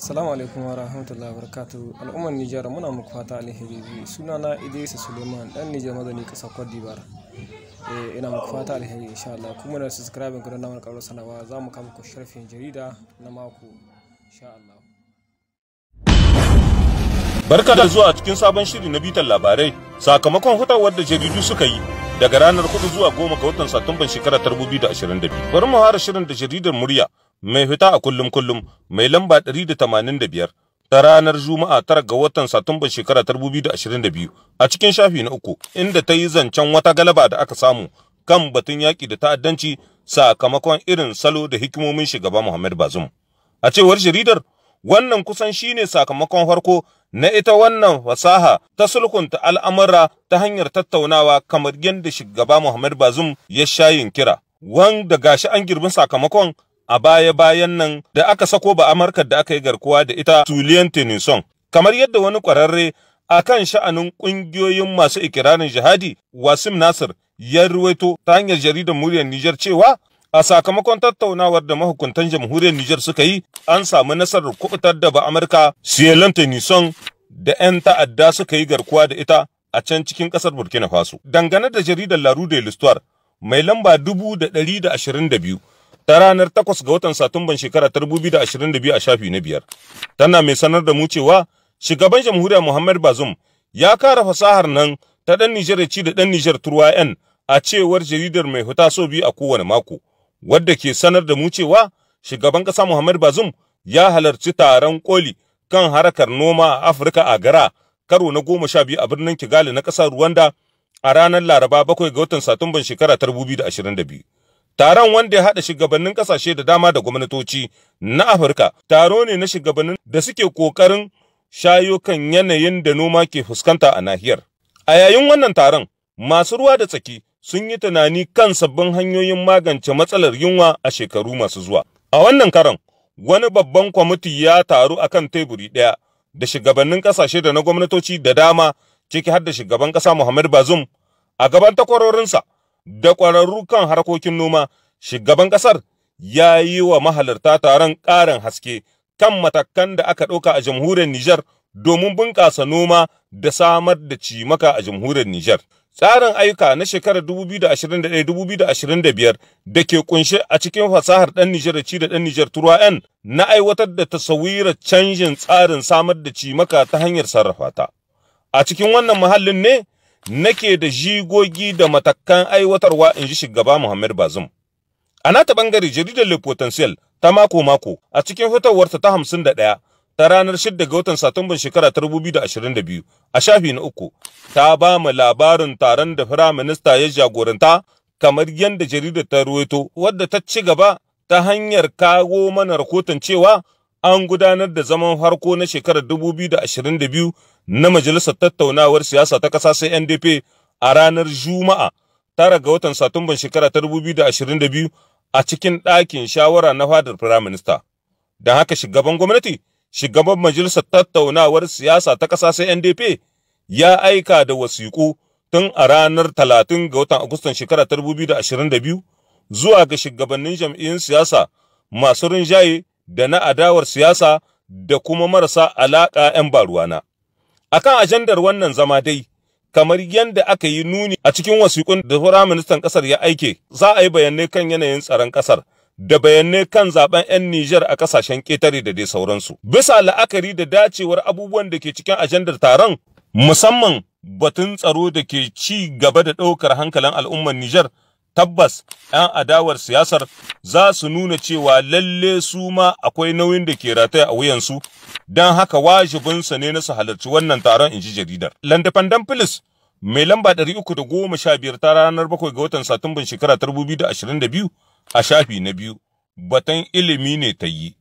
Assalamu alaikum wa rahmatullahi wa Al'ummar Nijar muna muku fata alheri. na Idris Suleiman dan Nijar mazani kasa Cote d'Ivoire. Eh ina muku fata alheri insha Allah. Kuma na subscribe ga nan karo sanawa za mu kama ku sharfin jarida na mako insha Allah. Barka da zuwa cikin sabon shiri na bitan labarai. Sakamakon hutawar da jaridu suka yi daga ranar 4 zuwa 10 ga watan Satumban shekarar 2022. Bari mu fara shirin da jaridar murya mai fita a kullum kullum mai lamba 185 ta ranar Juma'a tara ga watan Satumba shekara 2022 a cikin shafi na uku inda ta yi zancen wata galaba da aka samu kan batun yaƙi da ta'addanci sakamakon irin salo da hikimomin shugaba Muhammad Bazum. A cewar jaridar wannan kusan shine sakamakon farko na ita wannan fasaha ta sulhunta al'amura ta hanyar tattaunawa kamar yadda shugaba Muhammad Bazum ya shayin kira. Wanda gashi an girbin sakamakon a baya-bayan nan da aka sako ba Amurka da aka yi garkuwa da ita Julian Tennyson. Kamar yadda wani ƙwararre a kan sha'anin ƙungiyoyin masu ikirarin jihadi Wasim Nasir ya ruwaito ta hanyar jaridar muryar Nijar cewa a sakamakon tattaunawar da mahukuntan jamhuriyar Nijar suka yi an samu nasarar kubutar da ba Amurka Sierra Tennyson da 'yan ta'adda suka yi garkuwa da ita a can cikin ƙasar Burkina Faso. Dangane da jaridar La Rue de mai lamba dubu da ɗari da ashirin da biyu ta ranar 8 ga watan Satumban shekara 2022 a shafi na biyar. Tana mai sanar da mu cewa shugaban jamhuriya Muhammad Bazoum ya kara fasahar nan ta ɗan Nijar ci da ɗan Nijar Turwa ‘yan a cewar jaridar mai huta so biyu a kowane mako, wadda ke sanar da mu cewa shugaban ƙasa Muhammad Bazoum ya halarci taron koli kan harakar noma a Afirka a gara karo na goma sha biyu a birnin Kigali na ƙasar Rwanda a ranar Laraba bakwai ga watan Satumban shekara 2022. Taron wanda ya haɗa shugabannin ƙasashe da dama da gwamnatoci na Afirka taro ne na shugabannin da suke ƙoƙarin shayo kan yanayin da noma ke fuskanta a nahiyar. A yayin wannan taron, masu ruwa da tsaki sun yi tunani kan sabbin hanyoyin magance matsalar yunwa a shekaru masu zuwa. A wannan karon, wani babban kwamiti ya taru a kan teburi ɗaya da shugabannin ƙasashe da na gwamnatoci da dama ciki har da shugaban ƙasa Muhammad Bazum a gaban takwarorinsa da ƙwararru kan harkokin noma, shugaban ƙasar ya yi wa mahalarta taron ƙarin haske kan matakan da aka ɗauka a jamhuriyar Nijar domin bunƙasa noma da samar da cimaka a jamhuriyar Nijar. Tsarin ayyuka na shekarar 2021-2025 da ke kunshe a cikin fasahar ɗan Nijar ci da ɗan Nijar Turuwa na aiwatar da tasawirar canjin tsarin samar da cimaka ta hanyar sarrafa ta. A cikin wannan muhallin ne nake da jigogi da matakan aiwatarwa in ji shugaba Muhammad Bazum. A nata ɓangare jaridar Le Potentiel ta mako-mako a cikin fitowarta ta hamsin da ɗaya ta ranar 6 ga watan Satumban shekara ta 2022 a shafi na uku ta ba mu labarin taron da Firaminista ya jagoranta kamar yadda jaridar ta ruwaito wadda ta ci gaba ta hanyar kawo mana rahoton cewa an gudanar da zaman harko na shekarar 2022 na majalisar tattaunawar siyasa ta ƙasa sai NDP a ranar Juma'a tara ga watan Satumban shekara ta 2022 a cikin ɗakin shawara na fadar firaminista. Don haka shugaban gwamnati, shugaban majalisar tattaunawar siyasa ta ƙasa sai NDP ya aika da wasiƙu tun a ranar 30 ga watan Agustan shekara ta 2022 zuwa ga shugabannin jam'iyyun siyasa masu rinjaye da na adawar siyasa da kuma marasa alaƙa 'yan baruwana. A kan ajandar wannan zama dai, kamar yadda aka yi nuni a cikin wasiƙun da Firaministan ƙasar ya aike, za a yi bayanai kan yanayin tsaron ƙasar. da bayanai kan zaɓen 'yan Nijar a ƙasashen ƙetare da dai sauransu. Bisa la'akari da dacewar abubuwan da ke cikin ajandar taron musamman batun tsaro da ke ci gaba da ɗaukar hankalin al'ummar Nijar tabbas 'yan adawar siyasar za su nuna cewa lalle su ma akwai nauyin da ke rataya a wuyansu don haka wajibinsa ne na su halarci wannan taron in ji jaridar. Landafandan Filis mai lamba 315 ta ranar bakwai ga watan Satumban shekara 2022 a shafi na biyu batan ilimi ne ta yi.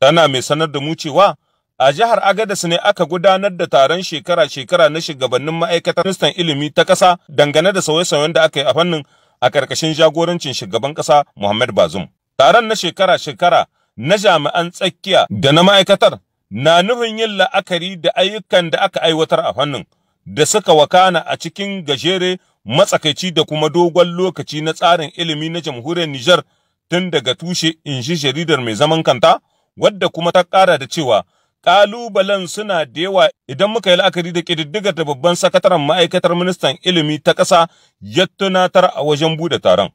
Tana mai sanar da mu cewa a jihar Agadas ne aka gudanar da taron shekara-shekara na shugabannin ma'aikatar ministan ilimi ta ƙasa dangane da sauye-sauyen da aka yi a fannin a ƙarƙashin jagorancin shugaban ƙasa Muhammad Bazum. Taron na shekara-shekara na jami'an tsakiya da na ma'aikatar na nufin yin la'akari da ayyukan da aka aiwatar a fannin da suka wakana a cikin gajere matsakaici da kuma dogon lokaci na tsarin ilimi na jamhuriyar Nijar tun daga tushe in ji jaridar mai zaman kanta wadda kuma ta ƙara da cewa Ƙalubalen suna da yawa idan muka yi la'akari da ƙididdigar da babban sakataren ma'aikatar ministan ilimi ta ƙasa ya tunatar a wajen buɗe taron.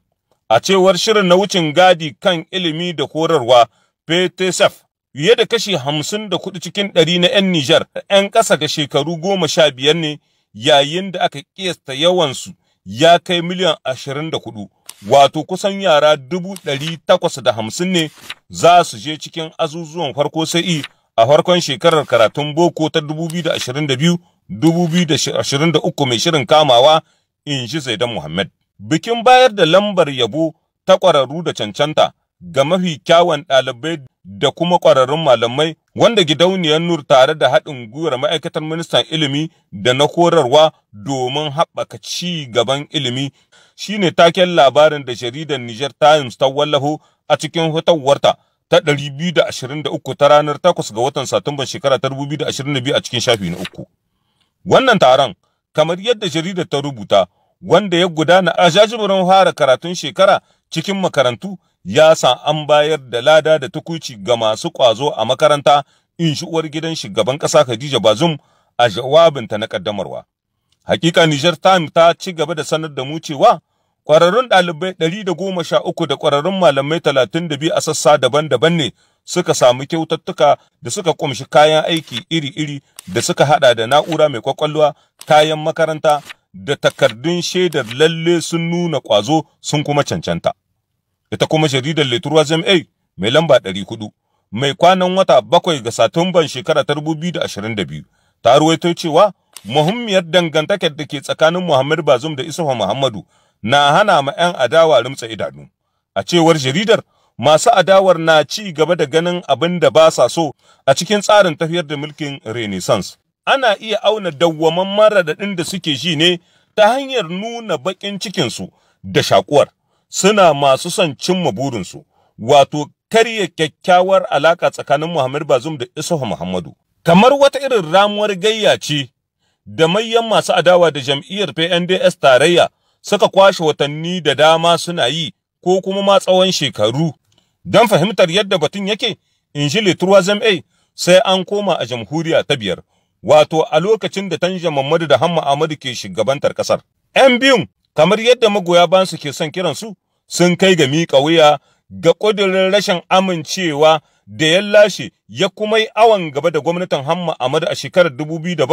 A cewar shirin na wucin gadi kan ilimi da korarwa PTSF fiye da kashi hamsin da kuɗi cikin ɗari na 'yan Nijar 'yan ƙasa ga shekaru goma sha biyar ne yayin da aka ƙiyasta yawansu ya kai miliyan ashirin da kuɗu wato kusan yara dubu ɗari takwas da hamsin ne za su je cikin azuzuwan farko sai a farkon shekarar karatun boko ta 2022-2023 mai shirin kamawa in shi Zaidan Muhammad. Bikin bayar da lambar yabo ta ƙwararru da cancanta ga mafi kyawun ɗalibai da kuma ƙwararrun malamai wanda gidauniyar Nur tare da haɗin gwiwar ma'aikatar ministan ilimi da na horarwa domin haɓaka ci gaban ilimi shine taken labarin da jaridar Niger Times ta wallafo a cikin hutawarta ta 223 ta ranar 8 ga watan Satumban shekara ta 2022 a cikin shafi na uku. Wannan taron, kamar yadda jaridar ta rubuta, wanda ya gudana a jajiburin fara karatun shekara cikin makarantu, ya sa an bayar da lada da tukuci ga masu ƙwazo a makaranta in shi uwar gidan shugaban ƙasa Khadija Bazum a jawabinta na ƙaddamarwa. Hakika Niger Times ta ci gaba da sanar da mu cewa Kwararrun ɗalibai ɗari da goma sha uku da ƙwararrun malamai talatin da biyu a sassa daban-daban ne suka samu kyautattuka da suka ƙunshi kayan aiki iri-iri da suka haɗa da na'ura mai ƙwaƙwalwa, kayan makaranta da takardun shaidar lalle sun nuna ƙwazo sun kuma cancanta. Ita kuma jaridar Leturuwa Jam'ai mai lamba ɗari huɗu, mai kwanan wata bakwai ga Satumban shekara ta dubu da ashirin da biyu, ta ruwaito cewa muhimmiyar dangantakar da ke tsakanin Muhammad Bazum da Isufa Muhammadu na hana ma 'yan adawa rumtsa idanu. A cewar jaridar, masu adawar na ci gaba da ganin abin da ba sa so a cikin tsarin tafiyar da mulkin Renaissance. Ana iya auna dawwaman maradadin da suke ji ne ta hanyar nuna baƙin cikinsu da shakuwar. Suna masu son cimma burinsu, wato karya kyakkyawar alaƙa tsakanin Muhammad Bazum da Isuhu Muhammadu. Kamar wata irin ramuwar gayya ce da mayan masu adawa da jam'iyyar PNDS tarayya suka kwashe watanni da dama suna yi ko kuma ma tsawon shekaru. Don fahimtar yadda batun yake, in shi Litruwa a sai an koma a jamhuriya ta biyar, wato a lokacin da Tanja Mamadu da Hamma Ahmadu ke shugabantar ƙasar. 'Yan biyun, kamar yadda magoya bansu ke son kiransu, sun kai ga miƙa wuya ga ƙudurin rashin amincewa da ya lashe ya kuma yi awon gaba da gwamnatin Hamma amadu a shekarar 2007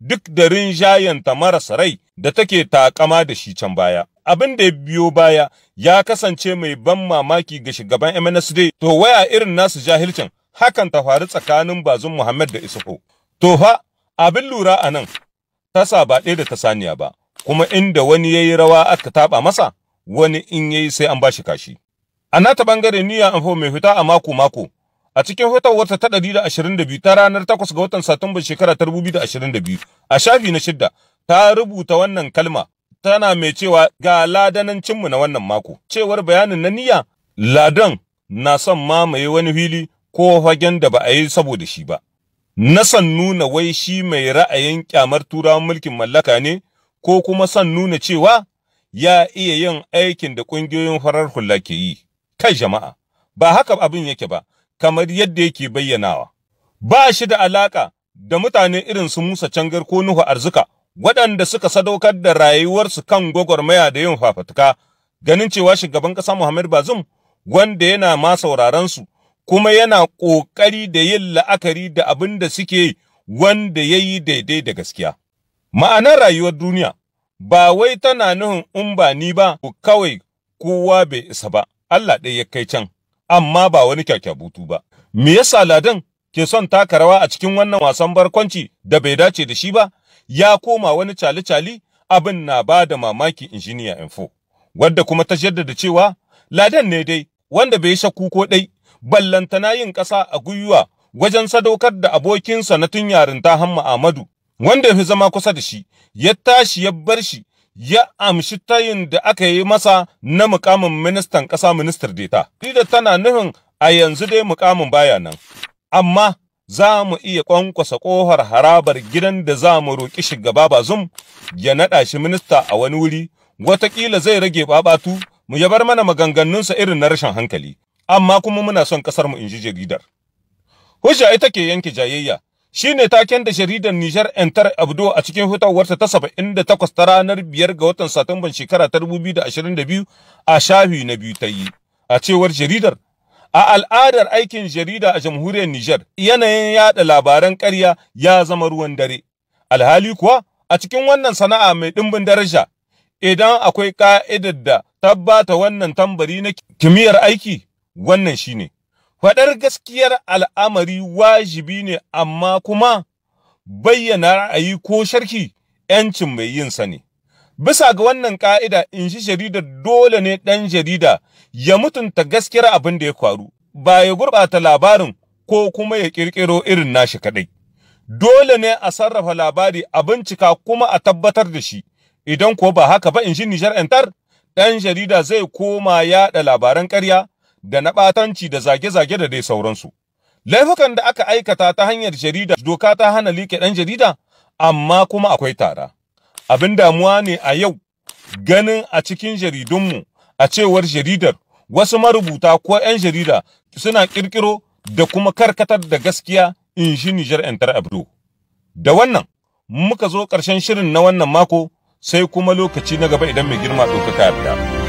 duk da rinjayenta maras rai da take takama da shi can baya. Abin da ya biyo baya ya kasance mai ban mamaki ga shugaban MNSD to waya irin nasu jahilcin hakan ta faru tsakanin bazun Muhammad da Isufu. To fa abin lura a nan tasa ba ɗaya da ta saniya ba kuma inda wani ya yi rawa aka taɓa masa wani in ya yi sai an ba shi kashi. A nata ɓangare niyya amfo mai fita a mako-mako a cikin wata ta 122 ta ranar 8 ga watan Satumba shekara ta 2022 a shafi na shidda ta rubuta wannan kalma tana mai cewa ga cinmu na wannan mako cewar bayanin na niyya ladan na son mamaye wani fili ko fagen da ba a yi saboda shi ba na son nuna wai shi mai ra'ayin kyamar turawan mulkin mallaka ne ko kuma son nuna cewa ya iya yin aikin da ƙungiyoyin farar hula ke yi kai jama'a ba haka abin yake ba kamar yadda yake bayyanawa. Ba shi da alaƙa da mutane irin su Musa Cangar ko Nuhu arzuka waɗanda suka sadaukar da rayuwarsu kan gwagwarmaya da yin fafatuka ganin cewa shugaban ƙasa Muhammad Bazum wanda yana ma sauraron su kuma yana ƙoƙari da yin la'akari da abin da suke wanda ya yi daidai da gaskiya. Ma'anar rayuwar duniya ba wai tana nuhin in ba ni ba kawai kowa bai isa ba, Allah ɗaya ya kai can. amma ba wani kyakkyabutu ba. Me yasa Ladan ke son taka rawa a cikin wannan wasan barkwanci da bai dace da shi ba? Ya koma wani cali-cali abin na ba da mamaki injiniya info, wadda kuma ta jaddada cewa Ladan ne dai wanda bai shakku ko dai ballantana yin ƙasa a gwiwa wajen sadaukar da abokinsa na tun yarinta Hamma Ahmadu wanda ya fi zama kusa da shi ya tashi ya bar shi ya amshi tayin da aka yi masa na mukamin ministan ƙasa ministar deta. Dida tana nufin a yanzu dai mukamin baya nan, amma za mu iya ƙwanƙwasa ƙohar harabar gidan da za mu roƙi shugaba bazum ya naɗa shi minista a wani wuri, wataƙila zai rage babatu mu ya bar mana maganganunsa irin na rashin hankali, amma kuma muna son ƙasar mu in ji jaridar. Hujja ita ke yanke jayayya, shi ne taken da jaridar Nijar Entar Abdo a cikin hutawarsa ta 78 ta ranar biyar ga watan Satumban shekara ta 2022 a shafi na biyu ta yi. A cewar jaridar, a al'adar aikin jarida a jamhuriyar Nijar, yanayin yaɗa labaran ƙarya ya zama ruwan dare. Alhali kuwa, a cikin wannan sana'a mai ɗimbin daraja, idan akwai ƙa'idar da tabbata wannan tambari na kimiyyar aiki, wannan shi ne. Faɗar gaskiyar al'amari wajibi ne amma kuma bayyana ra'ayi ko sharki ‘yancin mai yin sa ne. Bisa ga wannan ƙa'ida in shi jarida dole ne ɗan jarida ya mutunta gaskiyar abin da ya faru, ba ya gurɓata labarin ko kuma ya ƙirƙiro irin nashi kaɗai. Dole ne a sarrafa labari a bincika kuma a tabbatar da shi, idan ko ba haka ba in shi Nijar ‘yantar, ɗan jarida zai koma yaɗa labaran ƙarya da na ɓatanci da zage-zage da dai sauransu. Laifukan da aka aikata ta hanyar jarida doka ta hana like ɗan jarida amma kuma akwai tara. Abin damuwa ne a yau ganin a cikin jaridunmu a cewar jaridar wasu marubuta ko 'yan jarida suna ƙirƙiro da kuma karkatar da gaskiya in shi Nijar ‘yantar Abdo. Da wannan muka zo ƙarshen shirin na wannan mako sai kuma lokaci na gaba idan mai girma ɗaukaka ya